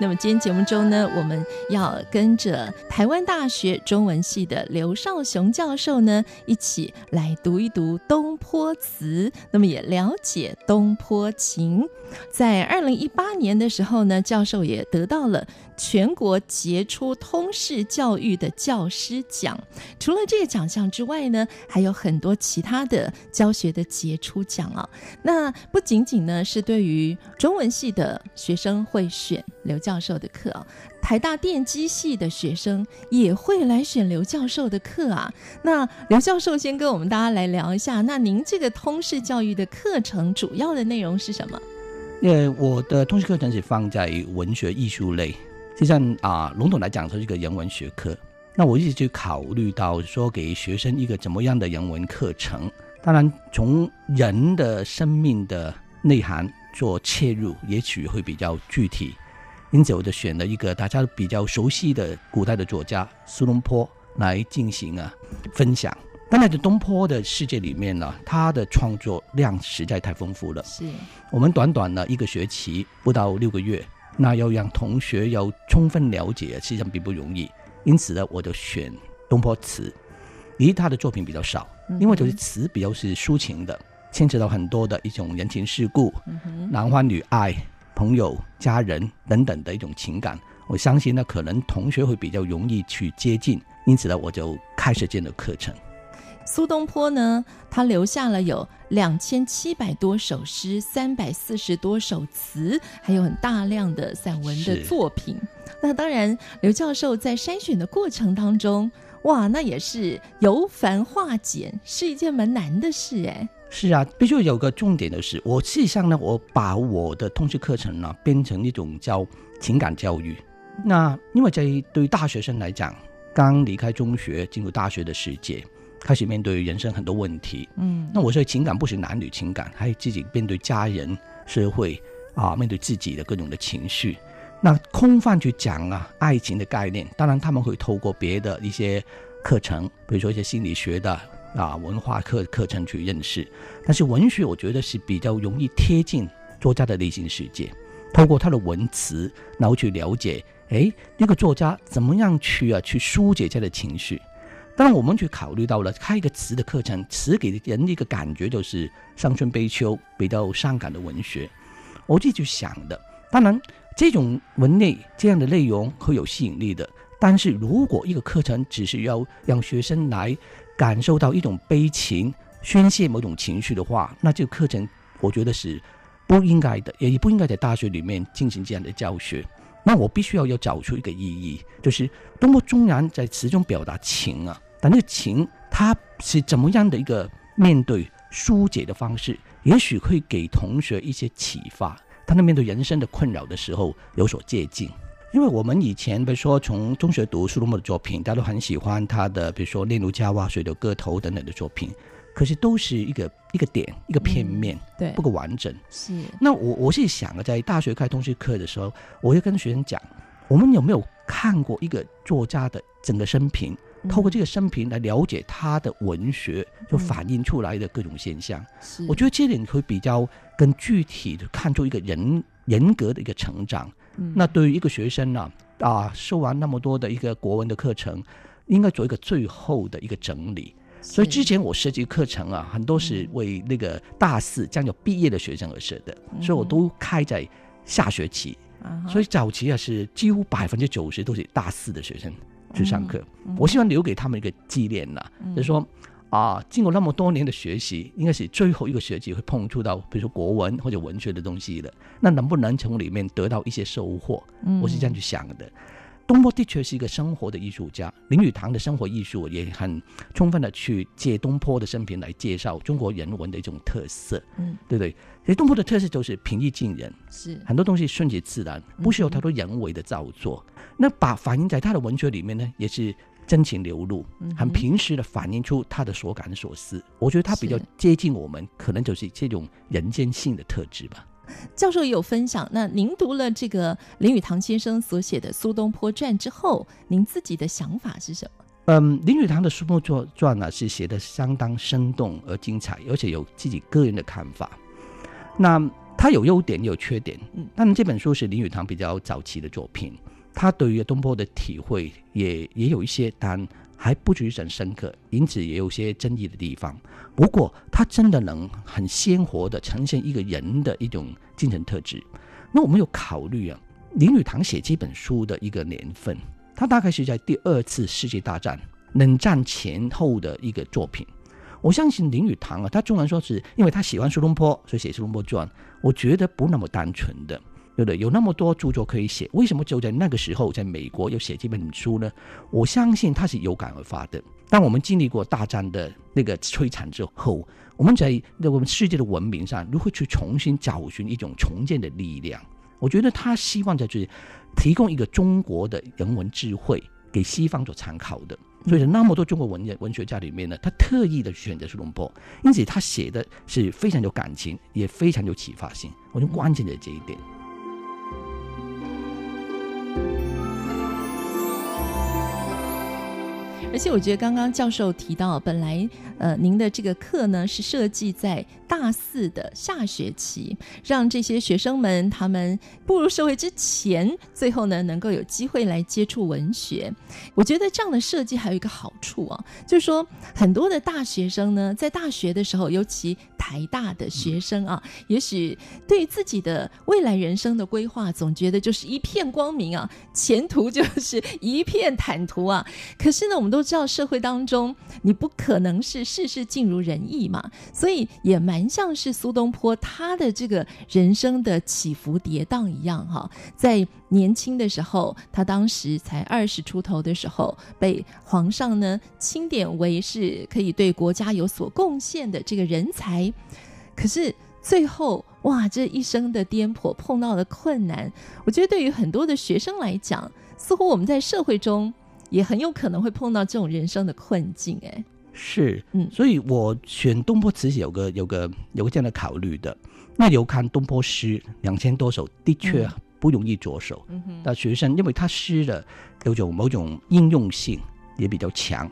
那麼今天節目中呢，我們要跟着台灣大學中文系的劉少雄教授呢，一起來讀一讀東坡詞，那麼也了解東坡情。在二零一八年的時候呢，教授也得到了全國傑出通識教育的教師獎。除了這個獎項之外呢，還有很多其他的教學的傑出獎啊、哦。那不僅僅呢是對於中文系的學生會選劉教授的課，台大電機系的學生也會來選劉教授的課啊。那劉教授先跟我們大家來聊一下。那您這個通識教育的課程主要的內容是什麼？呃，我的通識課程是放在文學藝術類，實際上啊，籠統來講說是一個人文學科。那我一直就考慮到說，給學生一個怎麼樣的人文課程？當然，從人的生命的內涵做切入，也許會比較具體。因此，我就選了一個大家比較熟悉的古代的作家蘇東坡來進行啊分享。但在東坡的世界裡面呢，他的創作量實在太豐富了。是。我們短短的一個學期，不到六個月，那要讓同學要充分了解，實際上並不容易。因此呢，我就選東坡詞，一他的作品比較少，因為就是詞比較是抒情的，牽扯到很多的一種人情世故，嗯、哼男歡女愛。朋友、家人等等的一種情感，我相信呢，可能同學會比較容易去接近，因此呢，我就開始這樣的課程。蘇東坡呢，他留下了有兩千七百多首詩，三百四十多首詞，還有很大量的散文的作品。是那當然，劉教授在篩選的過程當中，哇，那也是由繁化簡，是一件蠻難的事誒。是啊，必須有個重點的是，我實際上呢，我把我的通識課程呢變成一種叫情感教育。那因為在對於大學生來講，剛離開中學進入大學的世界，開始面對人生很多問題，嗯，那我說情感不是男女情感，還有自己面對家人、社會啊，面對自己的各種的情緒。那空泛去講啊，愛情的概念，當然他們會透過別的一些課程，比如說一些心理學的。啊，文化課課程去認識，但是文學我覺得是比較容易貼近作家的內心世界，透過他的文詞，然後去了解，誒，那個作家怎麼樣去啊，去疏解他的情緒。當然我們去考慮到了開一個詞的課程，詞給人的一個感覺就是傷春悲秋，比較傷感的文學。我自己想的，當然這種文類這樣的內容會有吸引力的，但是如果一個課程只是要讓學生來。感受到一種悲情，宣洩某種情緒的話，那這個課程我覺得是不應該的，也不應該在大學裡面進行這樣的教學。那我必須要要找出一個意義，就是東坡縱然在詞中表達情啊，但這個情它是怎麼樣的一個面對疏解的方式，也許會給同學一些啟發，他們面對人生的困擾的時候有所借鑒。因為我們以前比如說，從中學讀蘇東坡的作品，大家都很喜歡他的，比如說《念奴嬌》啊，《水調歌頭》等等的作品，可是都是一個一個點，一個片面，嗯、對，不夠完整。是。那我我是想，在大學開通識課的時候，我就跟學生講：我們有沒有看過一個作家的整個生平？嗯、透過這個生平來了解他的文學，就反映出來的各種現象。嗯、是。我覺得這點會比較更具體的，看出一個人人格的一個成長。那對於一個學生呢、啊，啊，說完那麼多的一個國文的課程，應該做一個最後的一個整理。是所以之前我設計課程啊，很多是為那個大四將要畢業的學生而設的，嗯、所以我都開在下學期。嗯、所以早期啊是幾乎百分之九十都是大四的學生去上課。嗯、我希望留給他們一個紀念呢、啊，嗯、就是說。啊，經過那麼多年的學習，應該是最後一個學期會碰觸到，比如說國文或者文學的東西了。那能不能從裡面得到一些收穫？嗯，我是這樣去想的。東坡的確是一個生活的藝術家，林語堂的生活藝術也很充分的去借東坡的生平來介紹中國人文的一種特色，嗯，對不對？所以東坡的特色就是平易近人，是很多東西順其自然，不需要太多人為的造作。嗯，那把反映在他的文學裡面呢，也是。真情流露，很平實的反映出他的所感所思。嗯、哼我覺得他比較接近我們，是可能就是這種人間性的特質吧。教授也有分享，那您讀了這個林語堂先生所寫的《蘇東坡傳》之後，您自己的想法是什麼？嗯，林語堂的《蘇東坡傳、啊》呢，是寫的相當生動而精彩，而且有自己個人的看法。那他有優點也有缺點。嗯，那麼這本書是林語堂比較早期的作品。他對於東坡的體會也也有一些，但還不至於很深刻，因此也有些爭議的地方。不過，他真的能很鮮活地呈現一個人的一種精神特質。那我們有考慮啊，林語堂寫這本書的一個年份，他大概是在第二次世界大戰冷戰前後的一個作品。我相信林語堂啊，他縱然說是因為他喜歡蘇東坡，所以寫蘇東坡傳，我覺得不那麼單純的。對的，有那麼多著作可以寫，為什麼就在那個時候，在美國要寫這本書呢？我相信他是有感而發的。當我們經歷過大戰的那個摧殘之後，我們在我們世界的文明上如何去重新找尋一種重建的力量？我覺得他希望在就是提供一個中國的人文智慧給西方做參考的。所以，那麼多中國文人文學家裡面呢，他特意的選擇蘇東坡，因此他寫的是非常有感情，也非常有啟發性。我覺得關鍵在這一點。而且我覺得剛剛教授提到，本來呃您的這個課呢是設計在大四的下學期，讓這些學生們他們步入社會之前，最後呢能夠有機會來接觸文學。我覺得這樣的設計還有一個好處啊，就是說很多的大學生呢在大學的時候，尤其台大的學生啊，也許對自己的未來人生的規劃總覺得就是一片光明啊，前途就是一片坦途啊。可是呢，我們都都知道社會當中，你不可能是事事盡如人意嘛，所以也蠻像是蘇東坡他的這個人生的起伏跌宕一樣哈、哦。在年輕的時候，他當時才二十出頭的時候，被皇上呢欽點為是可以對國家有所貢獻的這個人才。可是最後，哇，這一生的顛簸碰到了困難。我覺得對於很多的學生來講，似乎我們在社會中。也很有可能會碰到這種人生的困境。欸，哎，是，嗯，所以我選東坡詞寫有個、有個、有個這樣的考慮的。那有看東坡詩兩千多首，的確不容易着手。嗯、但學生，因為他詩的有種某種應用性也比較強，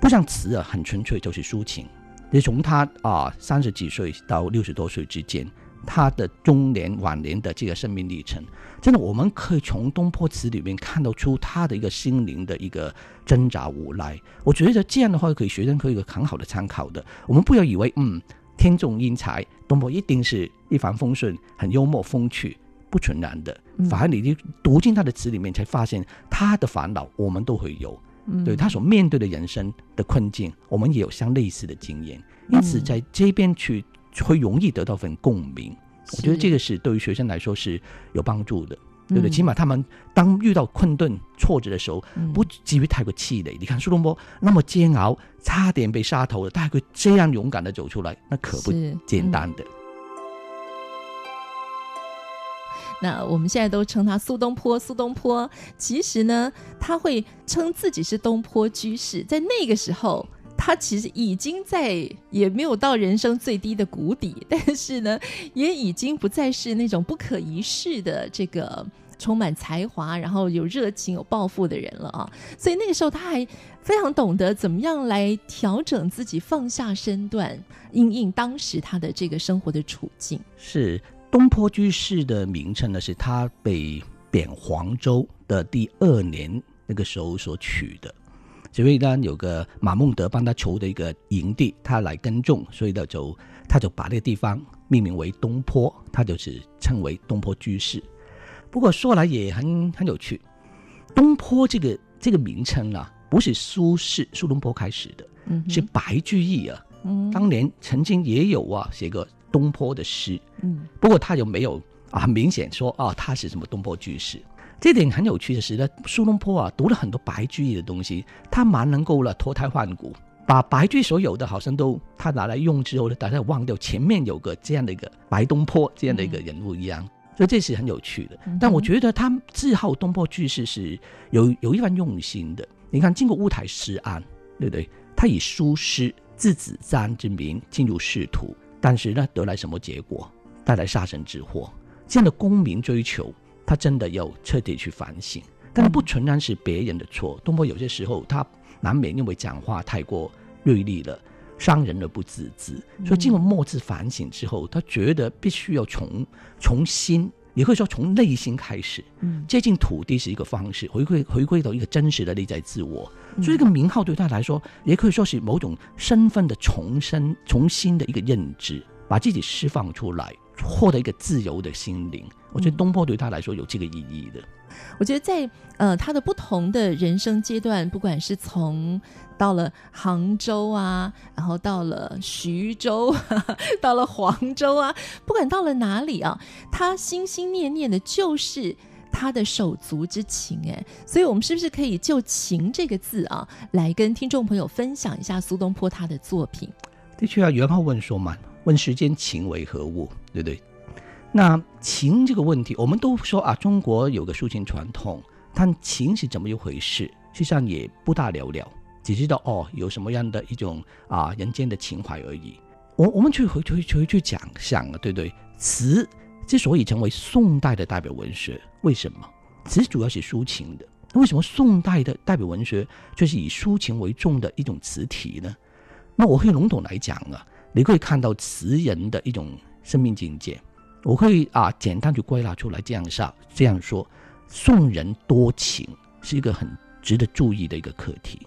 不像詞啊，很純粹就是抒情。你從他啊三十幾歲到六十多歲之間。他的中年晚年的這個生命歷程，真的，我們可以從東坡詞裡面看得出他的一個心靈的一個掙扎無奈。我覺得這樣的話，給學生可以一個很好的參考的。我們不要以為，嗯，天縱英才，東坡一定是一帆風順，很幽默風趣，不純然的。反而，你就讀進他的詞裡面，才發現他的煩惱，我們都會有。對，他所面對的人生的困境，我們也有相類似的經驗。因此，在這邊去。會容易得到份共鳴，是我覺得這個是對於學生來說是有幫助的，對不對？嗯、起碼他們當遇到困頓挫折的時候，不至於太過氣餒。嗯、你看蘇東坡那麼煎熬，差點被殺頭了，他還會這樣勇敢的走出來，那可不簡單的。嗯、那我們現在都稱他蘇東坡，蘇東坡，其實呢，他會稱自己是東坡居士，在那個時候。他其實已經在也沒有到人生最低的谷底，但是呢，也已經不再是那種不可一世的這個充滿才華，然後有熱情、有抱負的人了啊、哦。所以那個時候，他還非常懂得怎麼樣來調整自己，放下身段，因應當時他的這個生活的處境。是東坡居士的名稱呢，是他被貶黃州的第二年那個時候所取的。所以呢，有個馬孟德幫他求的一個營地，他來耕種，所以呢，就他就把那個地方命名為東坡，他就是稱為東坡居士。不過說來也很很有趣，東坡這個這個名稱啊，不是蘇軾蘇東坡開始的，嗯、哼是白居易啊，嗯、哼當年曾經也有啊寫過東坡的詩，嗯，不過他就沒有啊，很明顯說啊，他是什麼東坡居士。這點很有趣的是呢，蘇東坡啊，讀了很多白居易的東西，他蠻能夠呢脫胎換骨，把白居所有的好像都他拿來用之後呢，大家忘掉前面有個這樣的一個白東坡這樣的一個人物一樣，嗯、所以這是很有趣的。嗯、哼但我覺得他自號東坡居士是有有一番用心的。你看，經過烏台詩案，對不對？他以蘇軾字子瞻之名進入仕途，但是呢，得來什麼結果？帶來殺身之禍。這樣的功名追求，他真的要徹底去反省，但不全然是別人的錯。東坡有些時候他難免因為講話太過銳利了，傷人而不自知。所以經過末次反省之後，他覺得必須要從從心，也可以說從內心開始，接近土地是一個方式，回歸回歸到一個真實的內在自我。所以一個名號對他來說，也可以說是某種身份的重生，重新的一個認知，把自己釋放出來。獲得一個自由的心靈，我覺得東坡對他來說有這個意義的。嗯，我覺得在呃他的不同的人生階段，不管是從到了杭州啊，然後到了徐州啊，到了黃州啊，不管到了哪裡啊，他心心念念的就是他的手足之情。哎，所以我們是不是可以就“情”這個字啊，來跟聽眾朋友分享一下蘇東坡他的作品？的確啊，元好問說嘛。問世間情為何物，對不對？那情這個問題，我們都說啊，中國有個抒情傳統，但情是怎麼一回事？實際上也不大了了。只知道哦，有什麼樣的一種啊，人間的情懷而已。我我們去回回回去講講了，啊，對不對？詞之所以成為宋代的代表文學，為什麼詞主要是抒情的？為什麼宋代的代表文學就是以抒情為重的一種詞體呢？那我可以籠統來講啊。你可以看到詞人的一種生命境界。我可以啊，簡單就歸納出來，這樣說這樣說，宋人多情是一個很值得注意的一個課題。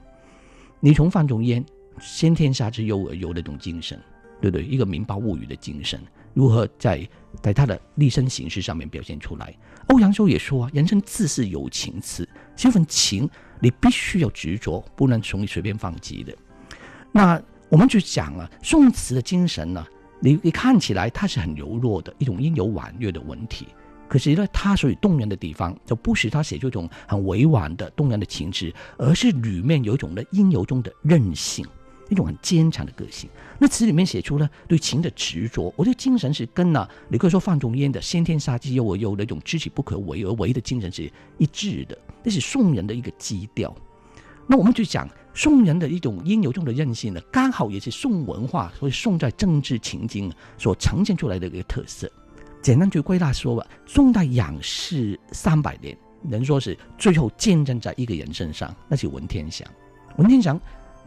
你從范仲淹“先天下之憂而憂”的那種精神，對不對？一個民胞物與的精神，如何在在他的立身行事上面表現出來？歐陽修也說啊，人生自是有情癡，這份情你必須要執着，不能從你隨便放棄的。那。我們去講啊，宋詞的精神呢、啊，你你看起來它是很柔弱的一種陰柔婉約的文體，可是呢，它屬於動人的地方，就不使它寫出一種很委婉的動人的情致，而是裡面有一種的陰柔中的韌性，一種很堅強的個性。那詞裡面寫出了對情的執着，我覺得精神是跟呢、啊，你可以說范仲淹的“先天下之憂而憂”的一種知其不可為而為的精神是一致的，那是宋人的一個基調。那我們就講。宋人的一種應有中的韌性呢，剛好也是宋文化，所以宋在政治情境所呈現出來的一個特色。簡單去歸納說吧，宋代仰視三百年，能說是最後見證在一個人身上，那是文天祥。文天祥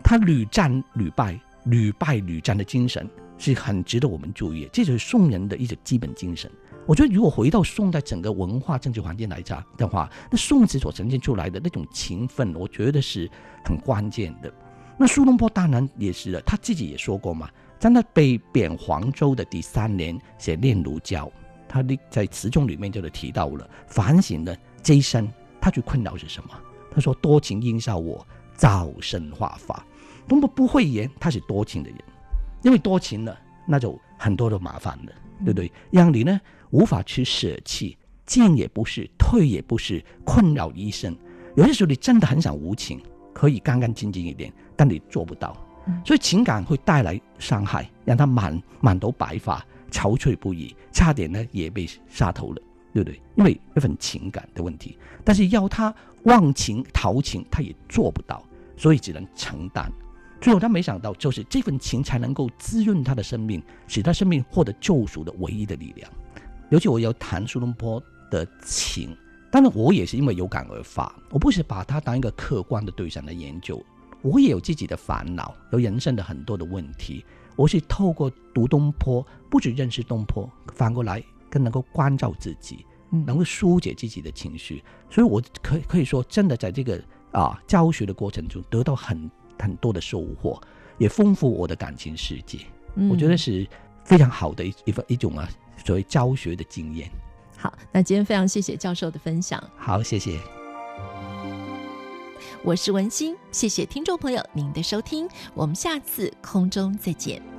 他屢戰屢敗，屢敗屢戰的精神是很值得我們注意的，這就是宋人的一種基本精神。我覺得，如果回到宋代整個文化政治環境來講的話，那宋詞所呈現出來的那種情分，我覺得是很關鍵的。那蘇東坡當然也是了，他自己也說過嘛，在那被貶黃州的第三年寫《念奴嬌》，他的在詞中裡面就是提到了反省了這一生，他最困擾是什麼？他說：“多情應笑我，早生華髮。”東坡不諱言，他是多情的人，因為多情了，那就很多的麻煩了。對不對？讓你呢無法去捨棄，進也不是，退也不是，困擾一生。有些時候你真的很想無情，可以乾乾淨淨一點，但你做不到。所以情感會帶來傷害，讓他滿滿頭白髮，憔悴不已，差點呢也被殺頭了，對不對？因為那份情感的問題。但是要他忘情、逃情，他也做不到，所以只能承擔。最後，他沒想到，就是這份情才能夠滋潤他的生命，使他生命獲得救贖的唯一的力量。尤其我要談蘇東坡的情，當然我也是因為有感而發，我不是把他當一個客觀的對象來研究，我也有自己的煩惱，有人生的很多的問題。我是透過讀東坡，不只認識東坡，反過來更能夠關照自己，能夠疏解自己的情緒。所以，我可可以說，真的在這個啊教學的過程中，得到很多。很多的收穫，也豐富我的感情世界。嗯，我覺得是非常好的一一份一種啊，所謂教學的經驗。好，那今天非常謝謝教授的分享。好，謝謝。我是文心，謝謝聽眾朋友您的收聽，我們下次空中再見。